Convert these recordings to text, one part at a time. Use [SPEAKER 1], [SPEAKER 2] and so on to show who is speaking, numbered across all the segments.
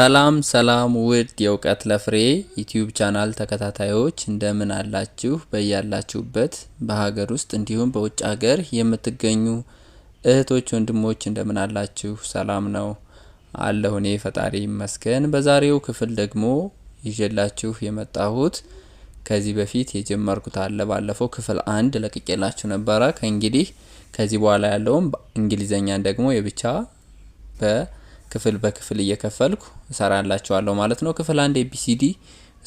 [SPEAKER 1] ሰላም ሰላም ውድ የእውቀት ለፍሬ ዩቲዩብ ቻናል ተከታታዮች እንደምን አላችሁ? በያላችሁበት በሀገር ውስጥ እንዲሁም በውጭ ሀገር የምትገኙ እህቶች ወንድሞች እንደምን አላችሁ? ሰላም ነው አለሁ እኔ ፈጣሪ ይመስገን። በዛሬው ክፍል ደግሞ ይዤላችሁ የመጣሁት ከዚህ በፊት የጀመርኩት አለ ባለፈው ክፍል አንድ ለቅቄላችሁ ነበረ። ከእንግዲህ ከዚህ በኋላ ያለውም እንግሊዘኛን ደግሞ የብቻ በ ክፍል በክፍል እየከፈልኩ እሰራላችኋለሁ ማለት ነው። ክፍል አንድ ኤቢሲዲ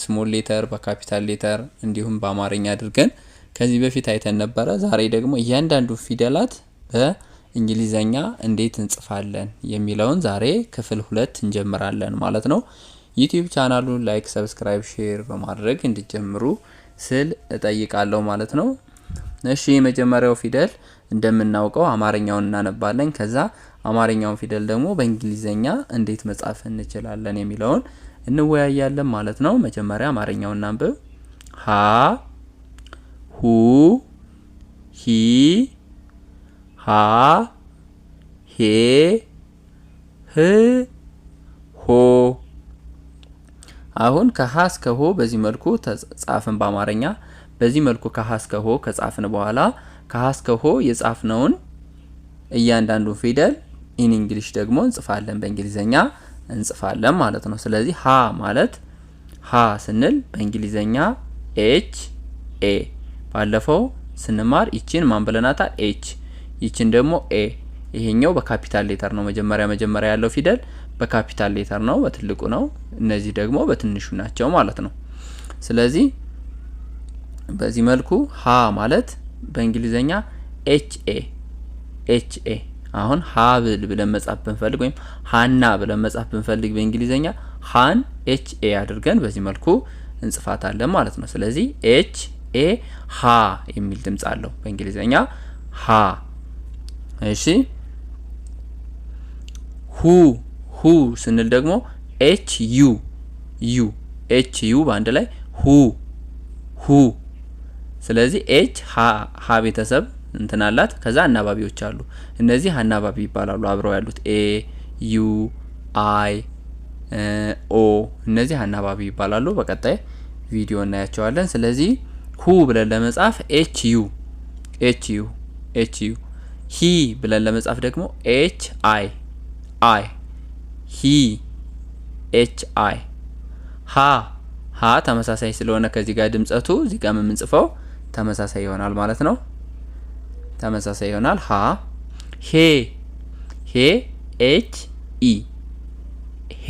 [SPEAKER 1] ስሞል ሌተር በካፒታል ሌተር እንዲሁም በአማርኛ አድርገን ከዚህ በፊት አይተን ነበረ። ዛሬ ደግሞ እያንዳንዱ ፊደላት በእንግሊዘኛ እንዴት እንጽፋለን የሚለውን ዛሬ ክፍል ሁለት እንጀምራለን ማለት ነው። ዩቲዩብ ቻናሉን ላይክ፣ ሰብስክራይብ፣ ሼር በማድረግ እንዲጀምሩ ስል እጠይቃለሁ ማለት ነው። እሺ የመጀመሪያው ፊደል እንደምናውቀው አማርኛውን እናነባለን። ከዛ አማርኛውን ፊደል ደግሞ በእንግሊዘኛ እንዴት መጻፍ እንችላለን የሚለውን እንወያያለን ማለት ነው። መጀመሪያ አማርኛውን እናንብብ። ሀ ሁ ሂ ሀ ሄ ህ ሆ። አሁን ከሀ እስከ ሆ በዚህ መልኩ ተጻፍን በአማርኛ። በዚህ መልኩ ከሀ እስከ ሆ ከጻፍን በኋላ ከሀ እስከ ሆ የጻፍነውን እያንዳንዱ ፊደል ኢን እንግሊሽ ደግሞ እንጽፋለን፣ በእንግሊዘኛ እንጽፋለን ማለት ነው። ስለዚህ ሀ ማለት ሀ ስንል በእንግሊዘኛ ኤች ኤ። ባለፈው ስንማር ይችን ማን ብለናታል? ኤች። ይችን ደግሞ ኤ። ይሄኛው በካፒታል ሌተር ነው። መጀመሪያ መጀመሪያ ያለው ፊደል በካፒታል ሌተር ነው፣ በትልቁ ነው። እነዚህ ደግሞ በትንሹ ናቸው ማለት ነው። ስለዚህ በዚህ መልኩ ሀ ማለት በእንግሊዘኛ ኤች ኤ ኤች ኤ አሁን ሀብል ብለን መጻፍ ብንፈልግ ወይም ሀና ብለን መጻፍ ብንፈልግ በእንግሊዘኛ ሀን ኤች ኤ አድርገን በዚህ መልኩ እንጽፋታለን ማለት ነው። ስለዚህ ኤች ኤ ሀ የሚል ድምጽ አለው በእንግሊዘኛ ሀ። እሺ ሁ ሁ ስንል ደግሞ ኤች ዩ ዩ ኤች ዩ በአንድ ላይ ሁ ሁ። ስለዚህ ኤች ሀ ቤተሰብ እንትን አላት። ከዛ አናባቢዎች አሉ። እነዚህ አናባቢ ይባላሉ። አብረው ያሉት ኤ ዩ አይ ኦ እነዚህ አናባቢ ይባላሉ። በቀጣይ ቪዲዮ እናያቸዋለን። ስለዚህ ሁ ብለን ለመጻፍ ኤች ዩ ኤች ዩ ኤች ዩ ሂ ብለን ለመጻፍ ደግሞ ኤች አይ አይ ሂ ኤች አይ ሀ ሀ ተመሳሳይ ስለሆነ ከዚህ ጋር ድምጸቱ እዚህ ጋር የምንጽፈው ተመሳሳይ ይሆናል ማለት ነው። ተመሳሳይ ይሆናል። ሀ ሄ ሄ ኤች ኢ ሄ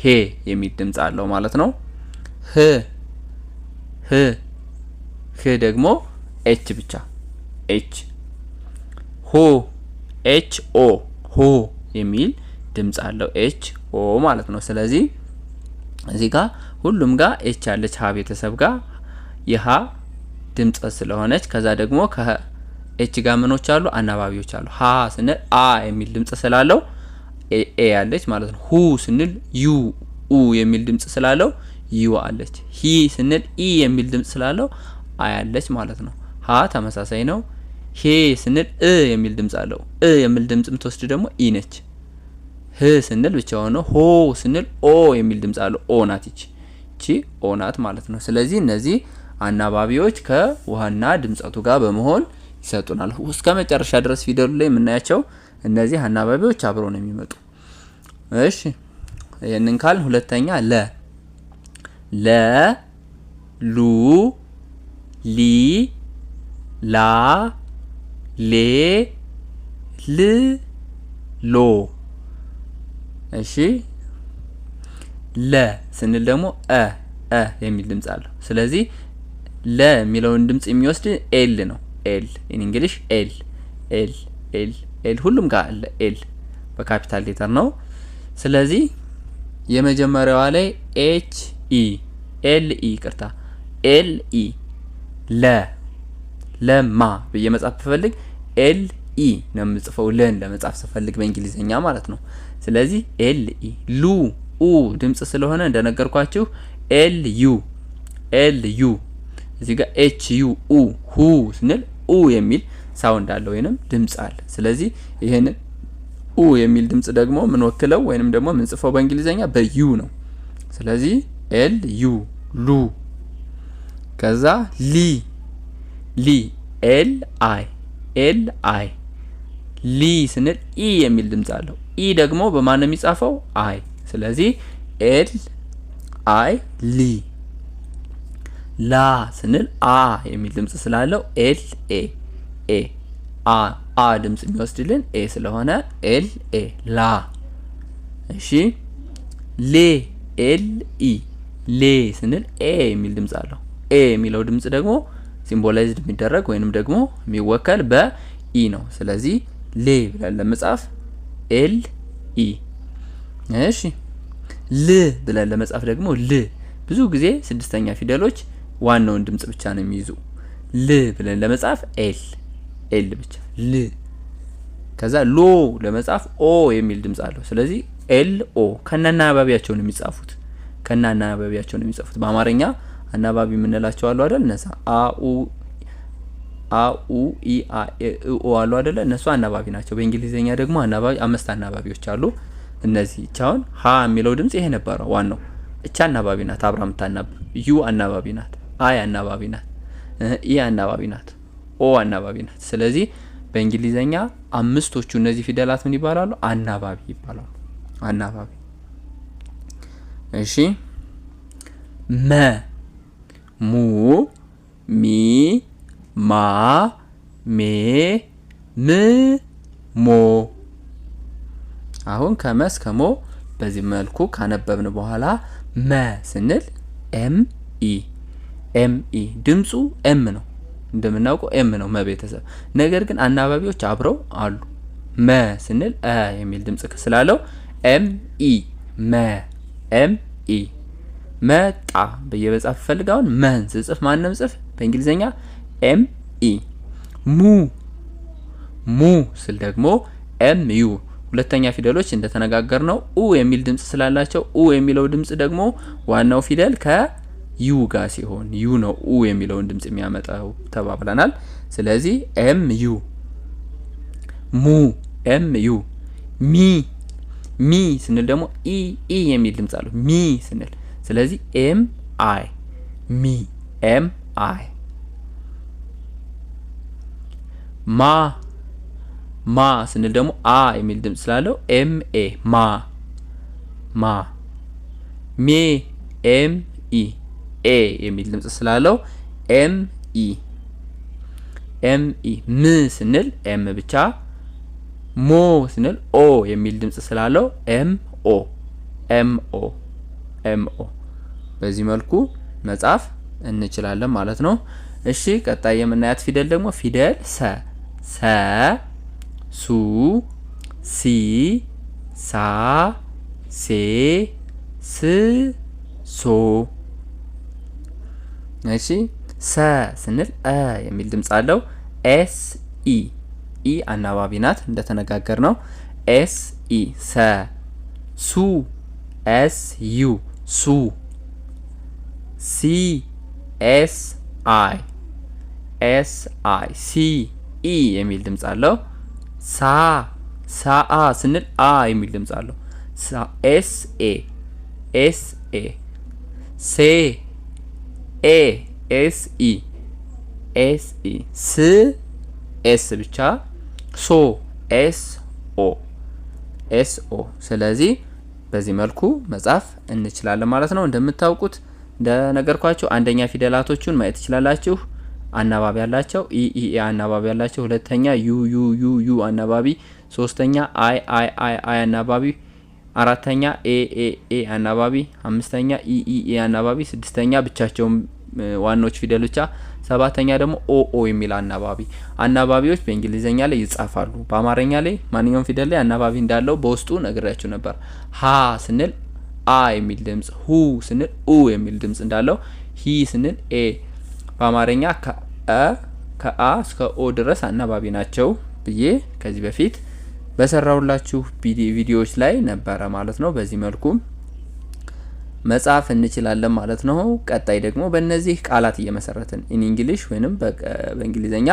[SPEAKER 1] ሄ የሚል ድምጽ አለው ማለት ነው። ህ ህ ህ ደግሞ ኤች ብቻ ኤች ሆ ኤች ኦ ሆ የሚል ድምጽ አለው ኤች ኦ ማለት ነው። ስለዚህ እዚህ ጋር ሁሉም ጋር ኤች ያለች ሀ ቤተሰብ ጋር የሀ ድምጽ ስለሆነች ከዛ ደግሞ ኤች ጋመኖች ምኖች አሉ አናባቢዎች አሉ። ሀ ስንል አ የሚል ድምጽ ስላለው ኤ አለች ማለት ነው። ሁ ስንል ዩ ኡ የሚል ድምጽ ስላለው ዩ አለች። ሂ ስንል ኢ የሚል ድምጽ ስላለው አ ያለች ማለት ነው። ሀ ተመሳሳይ ነው። ሄ ስንል እ የሚል ድምጽ አለው። እ የሚል ድምጽ የምትወስድ ደግሞ ኢ ነች። ህ ስንል ብቻ ሆነ። ሆ ስንል ኦ የሚል ድምጽ አለው። ኦ ናት ይቺ ይቺ ኦ ናት ማለት ነው። ስለዚህ እነዚህ አናባቢዎች ከውሃና ድምጸቱ ጋር በመሆን ይሰጡናል። እስከ መጨረሻ ድረስ ፊደሉ ላይ የምናያቸው እነዚህ አናባቢዎች አብረው ነው የሚመጡ። እሺ ይህንን ካል ሁለተኛ ለ ለ ሉ ሊ ላ ሌ ል ሎ እሺ ለ ስንል ደግሞ እ እ የሚል ድምጽ አለው። ስለዚህ ለ የሚለውን ድምጽ የሚወስድ ኤል ነው። ኤል ኢን እንግሊሽ ኤል ኤል ኤል ኤል ሁሉም ጋር አለ ኤል በካፒታል ሌተር ነው። ስለዚህ የመጀመሪያዋ ላይ ኤች ኢ ኤል ኢ ቅርታ ኤል ኢ ለ ለማ ብዬ መጻፍ ትፈልግ ኤል ኢ ነው የምጽፈው ለን ለመጻፍ ስፈልግ በእንግሊዝኛ ማለት ነው። ስለዚህ ኤል ኢ ሉ ኡ ድምጽ ስለሆነ እንደነገርኳችሁ ኤል ዩ ኤል ዩ እዚህ ጋር ኤች ዩ ኡ ሁ ስንል ኡ የሚል ሳውንድ አለ ወይንም ድምጽ አለ። ስለዚህ ይህን ኡ የሚል ድምጽ ደግሞ ወክለው ወይንም ደግሞ ጽፈው በእንግሊዘኛ በዩ ነው። ስለዚህ ኤል ዩ ሉ። ከዛ ሊ ሊ ኤል አይ ኤል አይ ሊ ስንል ኢ የሚል ድምጽ አለው። ኢ ደግሞ በማን ነው የሚጻፈው? አይ። ስለዚህ ኤል አይ ሊ ላ ስንል አ የሚል ድምጽ ስላለው ኤል ኤ ኤ አ አ ድምፅ የሚወስድልን ኤ ስለሆነ ኤል ኤ ላ። እሺ ሌ ኤል ኢ ሌ ስንል ኤ የሚል ድምፅ አለው። ኤ የሚለው ድምጽ ደግሞ ሲምቦላይዝድ የሚደረግ ወይንም ደግሞ የሚወከል በኢ ነው። ስለዚህ ሌ ብለን ለመጻፍ ኤል ኢ። እሺ ል ብለን ለመጻፍ ደግሞ ል ብዙ ጊዜ ስድስተኛ ፊደሎች ዋናውን ድምጽ ብቻ ነው የሚይዙ። ል ብለን ለመጻፍ ኤል ኤል ብቻ ል። ከዛ ሎ ለመጻፍ ኦ የሚል ድምጽ አለው። ስለዚህ ኤል ኦ ከናና አባቢያቸው ነው የሚጻፉት። ከናና አባቢያቸው ነው የሚጻፉት። በአማርኛ አናባቢ የምንላቸው አሉ አይደል? እነዛ አኡ አኡ ኢ አ ኤ ኡ አሉ አይደለ? እነሱ አናባቢ ናቸው። በእንግሊዝኛ ደግሞ አናባቢ አምስት አናባቢዎች አሉ። እነዚህ ቻውን ሀ የሚለው ድምጽ ይሄ ነበረው ዋናው። እቻ አናባቢ ናት አብራ ምታናብ ዩ አናባቢ ናት። አይ አናባቢ ናት፣ ኢ አናባቢ ናት፣ ኦ አናባቢ ናት። ስለዚህ በእንግሊዘኛ አምስቶቹ እነዚህ ፊደላት ምን ይባላሉ? አናባቢ ይባላሉ። አናባቢ እሺ። መ ሙ ሚ ማ ሜ ም ሞ አሁን ከመ እስከ ሞ በዚህ መልኩ ካነበብን በኋላ መ ስንል ኤም ኢ ኤምኢ ድምፁ ኤም ነው እንደምናውቀው ኤም ነው መቤተሰብ። ነገር ግን አናባቢዎች አብረው አሉ። መ ስንል አ የሚል ድምጽ ስላለው ኤም መ ኤምኢ መጣ ብዬ በጻፍ መን ስጽፍ ማንም ጽፍ በእንግሊዝኛ ኤም ሙ ሙ ስል ደግሞ ኤም ዩ ሁለተኛ ፊደሎች እንደተነጋገር ነው ኡ የሚል ድምጽ ስላላቸው ኡ የሚለው ድምጽ ደግሞ ዋናው ፊደል ከ ዩ ጋር ሲሆን ዩ ነው ኡ የሚለውን ድምጽ የሚያመጣው ተባብለናል። ስለዚህ ኤም ዩ ሙ ኤም ዩ ሚ ሚ ስንል ደግሞ ኢ ኢ የሚል ድምጽ አለው ሚ ስንል። ስለዚህ ኤም አይ ሚ ኤም አይ ማ ማ ስንል ደግሞ አ የሚል ድምጽ ስላለው ኤም ኤ ማ ማ ሜ ኤም ኢ ኤ የሚል ድምጽ ስላለው ኤም ኢ ኤም ኢ ም ስንል ኤም ብቻ ሞ ስንል ኦ የሚል ድምጽ ስላለው ኤም ኦ ኤም ኦ ኤም ኦ። በዚህ መልኩ መጻፍ እንችላለን ማለት ነው። እሺ ቀጣይ የምናያት ፊደል ደግሞ ፊደል ሰ ሰ ሱ ሲ ሳ ሴ ስ ሶ እሺ ሰ ስንል አ የሚል ድምጽ አለው። ኤስ ኢ ኢ አናባቢ ናት እንደተነጋገር ነው። ኤስ ኢ ሰ ሱ ኤስ ዩ ሱ ሲ ኤስ አይ ኤስ አይ ሲ ኢ የሚል ድምፅ አለው። ሳ ሳ አ ስንል አ የሚል ድምጽ አለው። ኤስ ኤ ኤስ ኤ ሴ ኤ ኤስ ኢ ኤስ ኢ ስ ኤስ ብቻ ሶ ኤስ ኦ ኤስ ኦ። ስለዚህ በዚህ መልኩ መጻፍ እንችላለን ማለት ነው። እንደምታውቁት እንደነገርኳችሁ አንደኛ ፊደላቶቹን ማየት ትችላላችሁ። አናባቢ ያላቸው ኢ ኢ አናባቢ ያላቸው፣ ሁለተኛ ዩ ዩ ዩ ዩ አናባቢ፣ ሶስተኛ አይ አይ አይ አይ አናባቢ፣ አራተኛ ኤ ኤ ኤ አናባቢ፣ አምስተኛ ኢ ኢ ኤ አናባቢ፣ ስድስተኛ ብቻቸውን ዋናዎች ፊደል ብቻ። ሰባተኛ ደግሞ ኦ ኦ የሚል አናባቢ። አናባቢዎች በእንግሊዝኛ ላይ ይጻፋሉ። በአማርኛ ላይ ማንኛውም ፊደል ላይ አናባቢ እንዳለው በውስጡ ነግሬያችሁ ነበር። ሀ ስንል አ የሚል ድምጽ፣ ሁ ስንል ኡ የሚል ድምጽ እንዳለው፣ ሂ ስንል ኤ። በአማርኛ ከአ ከአ እስከ ኦ ድረስ አናባቢ ናቸው ብዬ ከዚህ በፊት በሰራውላችሁ ቪዲዮዎች ላይ ነበረ ማለት ነው። በዚህ መልኩም መጻፍ እንችላለን ማለት ነው። ቀጣይ ደግሞ በእነዚህ ቃላት እየመሰረትን ኢን እንግሊሽ ወይንም በእንግሊዘኛ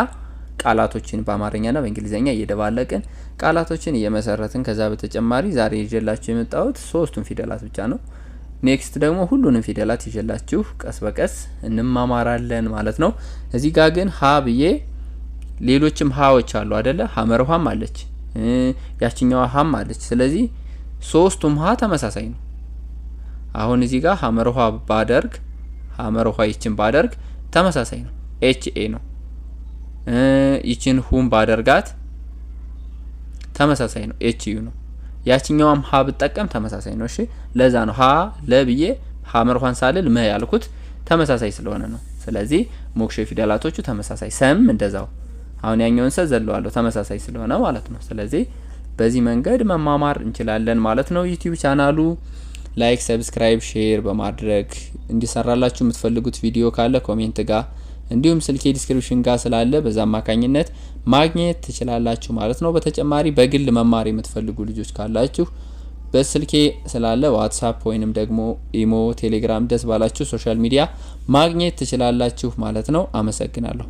[SPEAKER 1] ቃላቶችን በአማርኛና በእንግሊዘኛ እየደባለቅን ቃላቶችን እየመሰረትን ከዛ በተጨማሪ ዛሬ ይዤላችሁ የመጣሁት ሶስቱን ፊደላት ብቻ ነው። ኔክስት ደግሞ ሁሉንም ፊደላት ይዤላችሁ ቀስ በቀስ እንማማራለን ማለት ነው። እዚህ ጋር ግን ሀ ብዬ ሌሎችም ሀዎች አሉ አደለ? ሀመርኋም አለች ያችኛዋ ሀም አለች። ስለዚህ ሶስቱም ሀ ተመሳሳይ ነው። አሁን እዚህ ጋር ሀመር ውሃ ባደርግ ሀመር ውሃ ይችን ባደርግ ተመሳሳይ ነው፣ ኤች ኤ ነው። ይችን ሁም ባደርጋት ተመሳሳይ ነው፣ ኤች ዩ ነው። ያችኛዋም ሀ ብጠቀም ተመሳሳይ ነው። እሺ ለዛ ነው ሀ ለብዬ ሀመር ውሃን ሳልል መ ያልኩት ተመሳሳይ ስለሆነ ነው። ስለዚህ ሞክሼ ፊደላቶቹ ተመሳሳይ ሰም እንደዛው አሁን ያኛውን ሰ ዘለዋለሁ ተመሳሳይ ስለሆነ ማለት ነው። ስለዚህ በዚህ መንገድ መማማር እንችላለን ማለት ነው። ዩቲዩብ ቻናሉ ላይክ፣ ሰብስክራይብ፣ ሼር በማድረግ እንዲሰራላችሁ የምትፈልጉት ቪዲዮ ካለ ኮሜንት ጋር እንዲሁም ስልኬ ዲስክሪፕሽን ጋር ስላለ በዛ አማካኝነት ማግኘት ትችላላችሁ ማለት ነው። በተጨማሪ በግል መማር የምትፈልጉ ልጆች ካላችሁ በስልኬ ስላለ ዋትሳፕ ወይንም ደግሞ ኢሞ፣ ቴሌግራም ደስ ባላችሁ ሶሻል ሚዲያ ማግኘት ትችላላችሁ ማለት ነው። አመሰግናለሁ።